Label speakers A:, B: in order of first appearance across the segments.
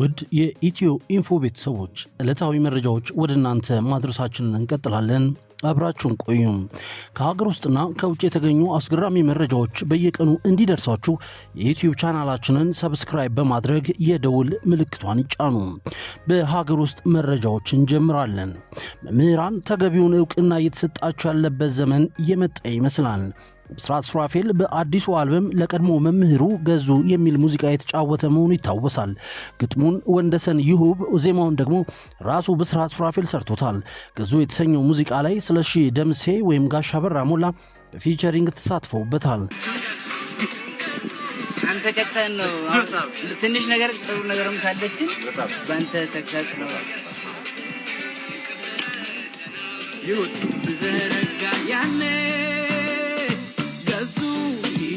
A: ውድ የኢትዮ ኢንፎ ቤተሰቦች ዕለታዊ መረጃዎች ወደ እናንተ ማድረሳችንን እንቀጥላለን። አብራችሁን ቆዩም። ከሀገር ውስጥና ከውጭ የተገኙ አስገራሚ መረጃዎች በየቀኑ እንዲደርሳችሁ የዩትዩብ ቻናላችንን ሰብስክራይብ በማድረግ የደውል ምልክቷን ይጫኑ። በሀገር ውስጥ መረጃዎች እንጀምራለን። መምህራን ተገቢውን እውቅና እየተሰጣቸው ያለበት ዘመን እየመጣ ይመስላል። ብስራት ሱራፌል በአዲሱ አልበም ለቀድሞ መምህሩ ገዙ የሚል ሙዚቃ የተጫወተ መሆኑ ይታወሳል። ግጥሙን ወንደሰን ይሁብ፣ ዜማውን ደግሞ ራሱ ብስራት ሱራፌል ሰርቶታል። ገዙ የተሰኘው ሙዚቃ ላይ ስለሺ ደምሴ ወይም ጋሻ በራ ሞላ በፊቸሪንግ ተሳትፈውበታል። አንተ ቀጥታን ነው ትንሽ ነገር ጥሩ ነገርም ካለችን በአንተ ተግሳጽ ነው ይሁት ስዘረጋ ያኔ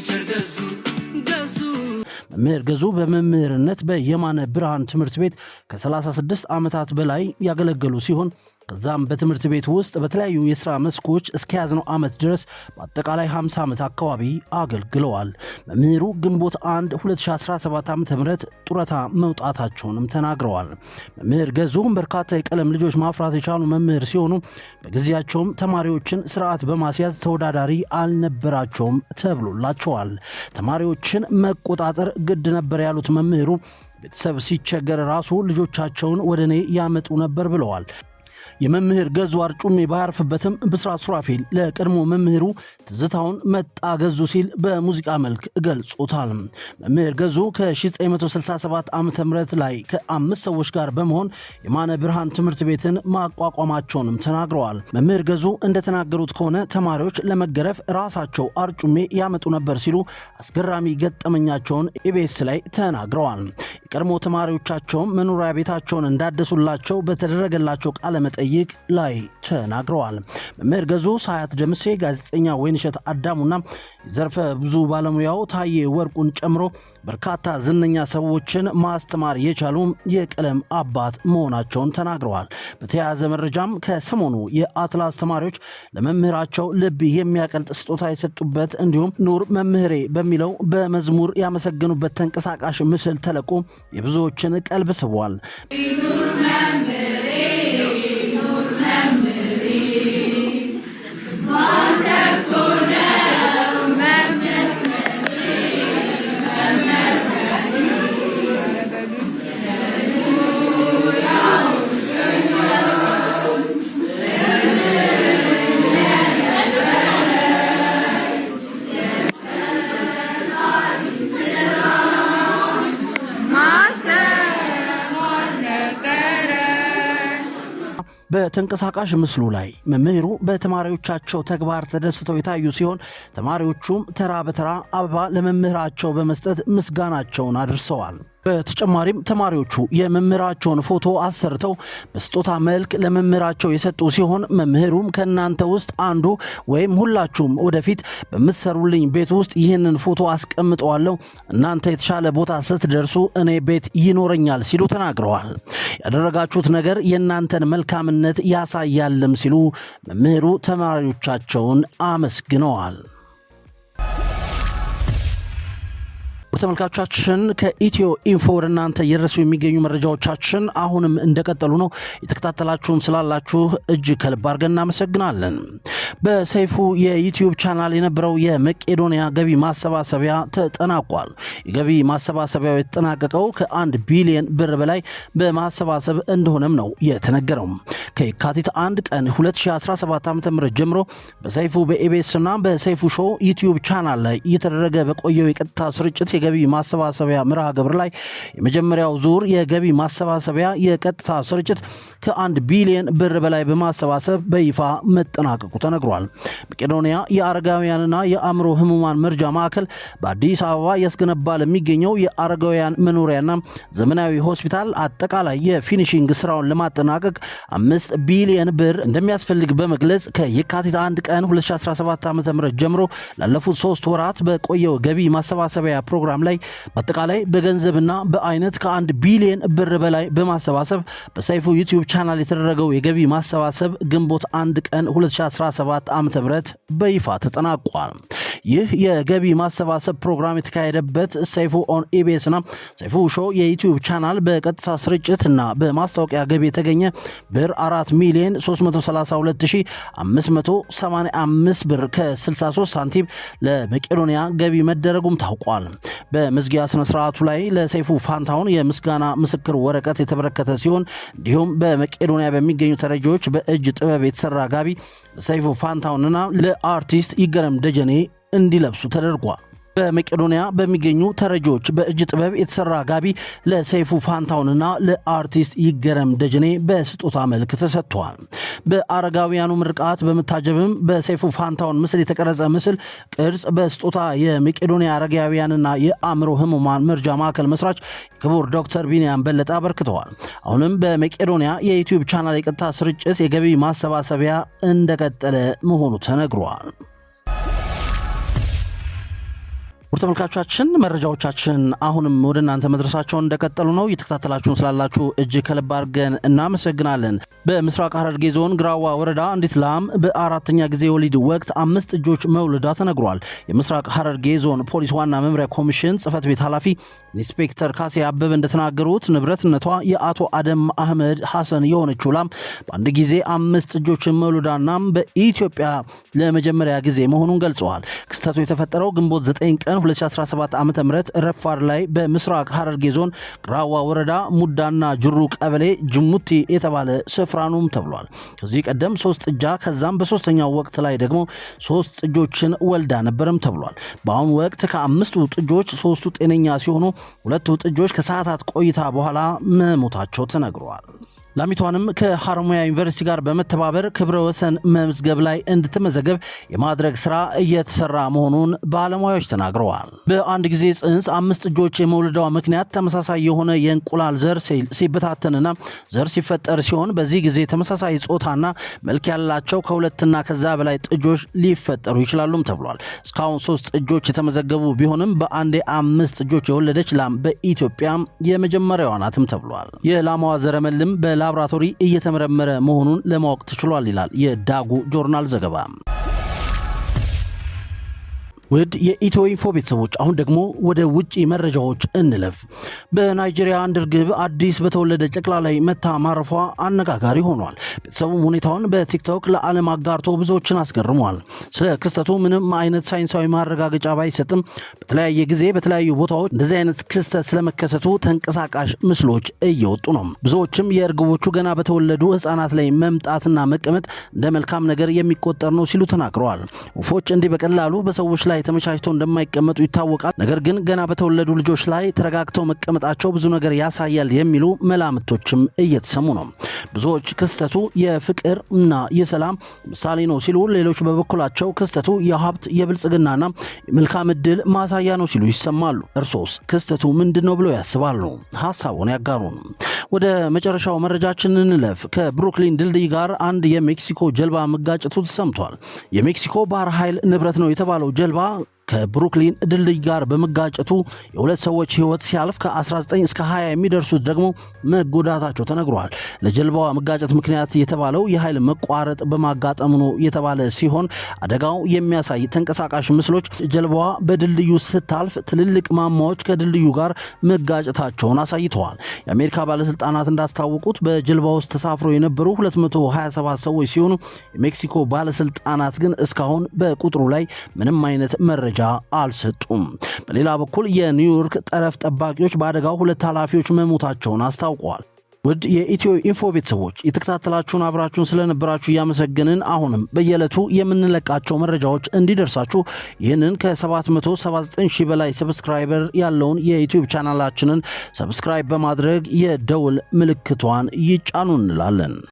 A: verde azul, de azul. መምህር በመምህርነት በየማነ ብርሃን ትምህርት ቤት ከ36 ዓመታት በላይ ያገለገሉ ሲሆን ከዛም በትምህርት ቤት ውስጥ በተለያዩ የሥራ መስኮች እስከያዝነው ዓመት ድረስ በአጠቃላይ 50 ዓመት አካባቢ አገልግለዋል። መምህሩ ግንቦት 1 2017 ዓ ም ጡረታ መውጣታቸውንም ተናግረዋል። መምህር ገዙም በርካታ የቀለም ልጆች ማፍራት የቻሉ መምህር ሲሆኑ በጊዜያቸውም ተማሪዎችን ስርዓት በማስያዝ ተወዳዳሪ አልነበራቸውም ተብሎላቸዋል። ተማሪዎችን መቆጣጠር ግድ ነበር ያሉት መምህሩ ቤተሰብ ሲቸገር ራሱ ልጆቻቸውን ወደ እኔ ያመጡ ነበር ብለዋል። የመምህር ገዙ አርጩሜ ባያርፍበትም ብስራት ሱራፌል ለቀድሞ መምህሩ ትዝታውን መጣ ገዙ ሲል በሙዚቃ መልክ ገልጾታል። መምህር ገዙ ከ1967 ዓ ም ላይ ከአምስት ሰዎች ጋር በመሆን የማነ ብርሃን ትምህርት ቤትን ማቋቋማቸውንም ተናግረዋል። መምህር ገዙ እንደተናገሩት ከሆነ ተማሪዎች ለመገረፍ ራሳቸው አርጩሜ ያመጡ ነበር ሲሉ አስገራሚ ገጠመኛቸውን ኢቤስ ላይ ተናግረዋል። የቀድሞ ተማሪዎቻቸውም መኖሪያ ቤታቸውን እንዳደሱላቸው በተደረገላቸው ቃለ መጠይቅ ላይ ተናግረዋል። መምህር ገዙ ሳያት ደምሴ፣ ጋዜጠኛ ወይንሸት አዳሙና ዘርፈ ብዙ ባለሙያው ታዬ ወርቁን ጨምሮ በርካታ ዝነኛ ሰዎችን ማስተማር የቻሉ የቀለም አባት መሆናቸውን ተናግረዋል። በተያያዘ መረጃም ከሰሞኑ የአትላስ ተማሪዎች ለመምህራቸው ልብ የሚያቀልጥ ስጦታ የሰጡበት እንዲሁም ኑር መምህሬ በሚለው በመዝሙር ያመሰገኑበት ተንቀሳቃሽ ምስል ተለቆ የብዙዎችን ቀልብ ስቧል። በተንቀሳቃሽ ምስሉ ላይ መምህሩ በተማሪዎቻቸው ተግባር ተደስተው የታዩ ሲሆን ተማሪዎቹም ተራ በተራ አበባ ለመምህራቸው በመስጠት ምስጋናቸውን አድርሰዋል። በተጨማሪም ተማሪዎቹ የመምህራቸውን ፎቶ አሰርተው በስጦታ መልክ ለመምህራቸው የሰጡ ሲሆን መምህሩም ከእናንተ ውስጥ አንዱ ወይም ሁላችሁም ወደፊት በምትሰሩልኝ ቤት ውስጥ ይህንን ፎቶ አስቀምጠዋለሁ፣ እናንተ የተሻለ ቦታ ስትደርሱ እኔ ቤት ይኖረኛል ሲሉ ተናግረዋል። ያደረጋችሁት ነገር የእናንተን መልካምነት ያሳያልም ሲሉ መምህሩ ተማሪዎቻቸውን አመስግነዋል። ተመልካቾቻችን ከኢትዮ ኢንፎ ወደ እናንተ እየደረሱ የሚገኙ መረጃዎቻችን አሁንም እንደቀጠሉ ነው። የተከታተላችሁም ስላላችሁ እጅግ ከልብ አድርገን እናመሰግናለን። በሰይፉ የዩትዩብ ቻናል የነበረው የመቄዶንያ ገቢ ማሰባሰቢያ ተጠናቋል። የገቢ ማሰባሰቢያው የተጠናቀቀው ከአንድ ቢሊየን ብር በላይ በማሰባሰብ እንደሆነም ነው የተነገረው። ከየካቲት 1 ቀን 2017 ዓ.ም ጀምሮ በሰይፉ እና በሰይፉ ሾው ዩቲዩብ ቻናል ላይ እየተደረገ በቆየው የቀጥታ ስርጭት የገቢ ማሰባሰቢያ ምርሃ ግብር ላይ የመጀመሪያው ዙር የገቢ ማሰባሰቢያ የቀጥታ ስርጭት ከአንድ ቢሊዮን ብር በላይ በማሰባሰብ በይፋ መጠናቀቁ ተነግሯል። መቄዶንያ የአረጋውያንና የአእምሮ ህሙማን መርጃ ማዕከል በአዲስ አበባ እያስገነባ ለሚገኘው የአረጋውያን መኖሪያና ዘመናዊ ሆስፒታል አጠቃላይ የፊኒሽንግ ስራውን ለማጠናቀቅ አምስት 5 ቢሊየን ብር እንደሚያስፈልግ በመግለጽ ከየካቲት 1 ቀን 2017 ም ጀምሮ ላለፉት ሶስት ወራት በቆየው ገቢ ማሰባሰቢያ ፕሮግራም ላይ በአጠቃላይ በገንዘብና በአይነት ከአንድ ቢሊየን ብር በላይ በማሰባሰብ በሰይፉ ዩቲዩብ ቻናል የተደረገው የገቢ ማሰባሰብ ግንቦት 1 ቀን 2017 ዓ.ም በይፋ ተጠናቋል። ይህ የገቢ ማሰባሰብ ፕሮግራም የተካሄደበት ሰይፉ ኦን ና ሰይፉ ሾ የዩቲዩብ ቻናል በቀጥታ ስርጭት እና በማስታወቂያ ገቢ የተገኘ ብር 4 ሚሊዮን 332585 ብር ከ63 ሳንቲም ለመቄዶንያ ገቢ መደረጉም ታውቋል። በመዝጊያ ስነ ስርዓቱ ላይ ለሰይፉ ፋንታውን የምስጋና ምስክር ወረቀት የተበረከተ ሲሆን እንዲሁም በመቄዶንያ በሚገኙ ተረጂዎች በእጅ ጥበብ የተሰራ ጋቢ ለሰይፉ ፋንታሁንና ለአርቲስት ይገረም ደጀኔ እንዲለብሱ ተደርጓል። በመቄዶንያ በሚገኙ ተረጂዎች በእጅ ጥበብ የተሰራ ጋቢ ለሰይፉ ፋንታውንና ለአርቲስት ይገረም ደጀኔ በስጦታ መልክ ተሰጥቷል። በአረጋውያኑ ምርቃት በመታጀብም በሰይፉ ፋንታውን ምስል የተቀረጸ ምስል ቅርጽ በስጦታ የመቄዶንያ አረጋውያንና የአእምሮ ህሙማን መርጃ ማዕከል መስራች ክቡር ዶክተር ቢንያም በለጠ አበርክተዋል። አሁንም በመቄዶንያ የዩቲዩብ ቻናል የቀጥታ ስርጭት የገቢ ማሰባሰቢያ እንደቀጠለ መሆኑ ተነግሯል። ውድ ተመልካቾቻችን መረጃዎቻችን አሁንም ወደ እናንተ መድረሳቸውን እንደቀጠሉ ነው። እየተከታተላችሁን ስላላችሁ እጅግ ከልብ አድርገን እናመሰግናለን። በምስራቅ ሐረርጌ ዞን ግራዋ ወረዳ አንዲት ላም በአራተኛ ጊዜ ወሊድ ወቅት አምስት እጆች መውለዳ ተነግሯል። የምስራቅ ሐረርጌ ዞን ፖሊስ ዋና መምሪያ ኮሚሽን ጽህፈት ቤት ኃላፊ ኢንስፔክተር ካሴ አበበ እንደተናገሩት ንብረትነቷ የአቶ አደም አህመድ ሐሰን የሆነችው ላም በአንድ ጊዜ አምስት እጆችን መውለዳናም በኢትዮጵያ ለመጀመሪያ ጊዜ መሆኑን ገልጸዋል። ክስተቱ የተፈጠረው ግንቦት 9 ቀን 2017 ዓ ም ረፋድ ላይ በምስራቅ ሀረርጌ ዞን ግራዋ ወረዳ ሙዳና ጅሩ ቀበሌ ጅሙቲ የተባለ ስፍራ ነውም ተብሏል። ከዚህ ቀደም ሶስት ጥጃ ከዛም በሶስተኛው ወቅት ላይ ደግሞ ሶስት ጥጆችን ወልዳ ነበርም ተብሏል። በአሁኑ ወቅት ከአምስቱ ጥጆች ሶስቱ ጤነኛ ሲሆኑ ሁለቱ ጥጆች ከሰዓታት ቆይታ በኋላ መሞታቸው ተነግረዋል። ላሚቷንም ከሐረሙያ ዩኒቨርሲቲ ጋር በመተባበር ክብረ ወሰን መዝገብ ላይ እንድትመዘገብ የማድረግ ስራ እየተሰራ መሆኑን ባለሙያዎች ተናግረዋል። በአንድ ጊዜ ጽንስ አምስት እጆች የመውለዷ ምክንያት ተመሳሳይ የሆነ የእንቁላል ዘር ሲበታተንና ዘር ሲፈጠር ሲሆን በዚህ ጊዜ ተመሳሳይ ጾታና መልክ ያላቸው ከሁለትና ከዛ በላይ ጥጆች ሊፈጠሩ ይችላሉም ተብሏል። እስካሁን ሶስት እጆች የተመዘገቡ ቢሆንም በአንዴ አምስት እጆች የወለደች ላም በኢትዮጵያ የመጀመሪያዋ ናትም ተብሏል። የላማዋ ዘረመልም በላ ላብራቶሪ እየተመረመረ መሆኑን ለማወቅ ተችሏል ይላል የዳጉ ጆርናል ዘገባ። ውድ የኢትዮ ኢንፎ ቤተሰቦች አሁን ደግሞ ወደ ውጪ መረጃዎች እንለፍ። በናይጄሪያ አንድ እርግብ አዲስ በተወለደ ጨቅላ ላይ መታ ማረፏ አነጋጋሪ ሆኗል። ቤተሰቡም ሁኔታውን በቲክቶክ ለዓለም አጋርቶ ብዙዎችን አስገርሟል። ስለ ክስተቱ ምንም አይነት ሳይንሳዊ ማረጋገጫ ባይሰጥም በተለያየ ጊዜ በተለያዩ ቦታዎች እንደዚህ አይነት ክስተት ስለመከሰቱ ተንቀሳቃሽ ምስሎች እየወጡ ነው። ብዙዎችም የእርግቦቹ ገና በተወለዱ ህፃናት ላይ መምጣትና መቀመጥ እንደ መልካም ነገር የሚቆጠር ነው ሲሉ ተናግረዋል። ወፎች እንዲህ በቀላሉ በሰዎች ላይ ተመቻችተው እንደማይቀመጡ ይታወቃል። ነገር ግን ገና በተወለዱ ልጆች ላይ ተረጋግተው መቀመጣቸው ብዙ ነገር ያሳያል የሚሉ መላምቶችም እየተሰሙ ነው። ብዙዎች ክስተቱ የፍቅር እና የሰላም ምሳሌ ነው ሲሉ፣ ሌሎች በበኩላቸው ክስተቱ የሀብት የብልጽግናና የመልካም እድል ማሳያ ነው ሲሉ ይሰማሉ። እርሶስ ክስተቱ ምንድን ነው ብለው ያስባሉ? ሀሳቡን ያጋሩን። ወደ መጨረሻው መረጃችን እንለፍ። ከብሩክሊን ድልድይ ጋር አንድ የሜክሲኮ ጀልባ መጋጨቱ ተሰምቷል። የሜክሲኮ ባህር ኃይል ንብረት ነው የተባለው ጀልባ ከብሩክሊን ድልድይ ጋር በመጋጨቱ የሁለት ሰዎች ህይወት ሲያልፍ ከ19 እስከ 20 የሚደርሱት ደግሞ መጎዳታቸው ተነግሯል። ለጀልባዋ መጋጨት ምክንያት የተባለው የኃይል መቋረጥ በማጋጠሙ ነው የተባለ ሲሆን አደጋው የሚያሳይ ተንቀሳቃሽ ምስሎች ጀልባዋ በድልድዩ ስታልፍ ትልልቅ ማማዎች ከድልድዩ ጋር መጋጨታቸውን አሳይተዋል። የአሜሪካ ባለስልጣናት እንዳስታወቁት በጀልባ ውስጥ ተሳፍሮ የነበሩ 227 ሰዎች ሲሆኑ የሜክሲኮ ባለስልጣናት ግን እስካሁን በቁጥሩ ላይ ምንም አይነት መረጃ መረጃ አልሰጡም። በሌላ በኩል የኒውዮርክ ጠረፍ ጠባቂዎች በአደጋው ሁለት ኃላፊዎች መሞታቸውን አስታውቀዋል። ውድ የኢትዮ ኢንፎ ቤተሰቦች የተከታተላችሁን አብራችሁን ስለነበራችሁ እያመሰገንን አሁንም በየዕለቱ የምንለቃቸው መረጃዎች እንዲደርሳችሁ ይህንን ከ779 ሺህ በላይ ሰብስክራይበር ያለውን የዩትዩብ ቻናላችንን ሰብስክራይብ በማድረግ የደውል ምልክቷን ይጫኑ እንላለን።